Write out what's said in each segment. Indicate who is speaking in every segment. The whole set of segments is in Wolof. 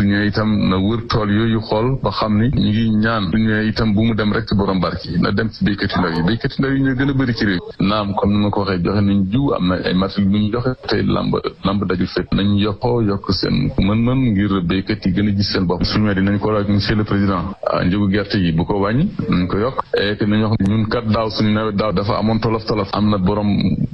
Speaker 1: su ñëwee itam na wër tool yooyu xool ba xam ni ñu ngi ñaan su ñëwee itam bu mu dem rek ci borom barke yi na dem ci béykat yu ndaw yi béykat yu ndaw gën a bëri ci réew naam comme ma ko waxee yokk seen mën-mën ngir béykat yi gën a gis seen bopp su ñëwee dinañ ko laaj monsieur le président ah, njëgu gerte yi bu ko wàññi nañ ko yokk ek nañ wax ñun kat daaw suñu nawet daaw dafa amoon tolof tolof am na borom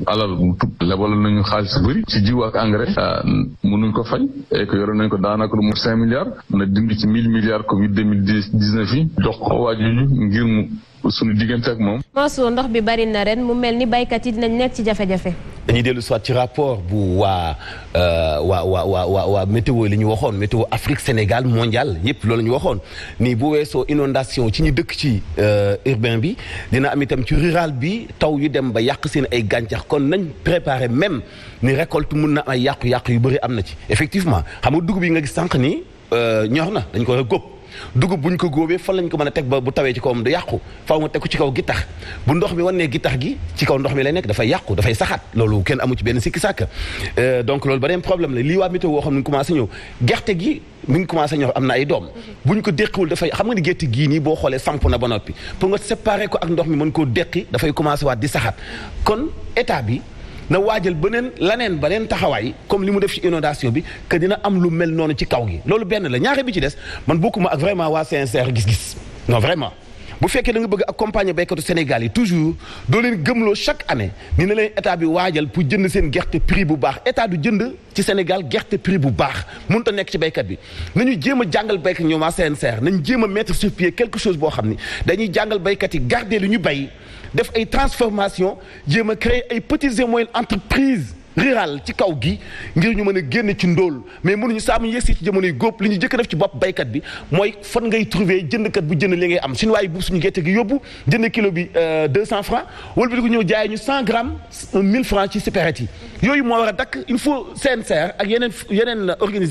Speaker 1: alal bu tub lebal nañu xaalis bëri ci jiw ak engrais ah, mënuñ ko fay et yore nañ ko daanaka lu mu cinq milliards na dindi ci mill milliards Covid deux mille dix-neuf yi jox ko waa ngir mu
Speaker 2: suñu diggante ak moom. Mansour ndox bi bari na ren mu mel ni baykat yi dinañ nekk ci jafe-jafe. dañuy dellu soit ci rapport bu euh, waa waa waa waa waa météo li ñu waxoon météo Afrique Sénégal mondial yëpp loolu la ñu waxoon nii bu weesoo inondation ci ñu dëkk ci euh, urbain bi dina am itam ci rural bi taw yu dem ba yàq seen ay gàncax kon nañ préparer même ni récolte mun na ay yàqu yàq yu bëri am na ci effectivement xam nga dugub yi nga gis sànq ni euh, ñor na dañ ko war a góob dugub buñ ko góobee fan lañ ko mën a teg ba bu tawee ci kawam du yàqu faaw nga teg ko ci kaw gittax bu ndox mi wannee gittax gi ci kaw ndox mi lay nekk dafay yàqu dafay saxaat loolu kenn amu ci benn sikki sàkk euh, donc loolu beneen problème la lii waa météo woo xam ne commencé ñëw gerte gi mi ngi commencé ñor am na ay doom buñ ko déqiwul dafay xam nga ni gerte gii nii boo xoolee samp na ba noppi pour nga séparer ko ak ndox mi mën koo déqi dafay commencé waat di saxaat kon état bi na waajal beneen laneen beneen taxawaay comme li mu def ci inondation bi que dina am lu mel noonu ci kaw gi loolu benn la ñaare bi ci des man bokkuma ak vraiment waa CNCR gis-gis non vraiment. bu fekkee da nga bëgg accompagner béykatu Sénégal yi toujours doo leen gëmloo chaque année ni na leen état bi waajal pour jënd seen gerte prix bu baax état du jënd ci Sénégal gerte prix bu baax mënut a nekk ci baykat bi nañu jéem a jàngal baykat ñoom waa CNCR nañ jéem a mettre sur pied quelque chose boo xam ni dañuy jàngal béykat yi garder lu ñu bay def ay transformation jéem a créer ay petites et entreprise rural ci kaw gi ngir ñu mën a génn ci ndool mais mënuñu saa mu yegsi ci jamono góob li ñu jëkk def ci bopp baykat bi mooy fan ngay trouver jëndkat bu jënd li ngay am suñu waaye buub suñu gerte gi yóbbu jënd kilo bi 200 euh, francs wala bi di ko ñëw jaayee ñu 100 grammes 1000 francs ci supérette yi yooyu moo war a dakk il faut CNCR ak yeneen yeneen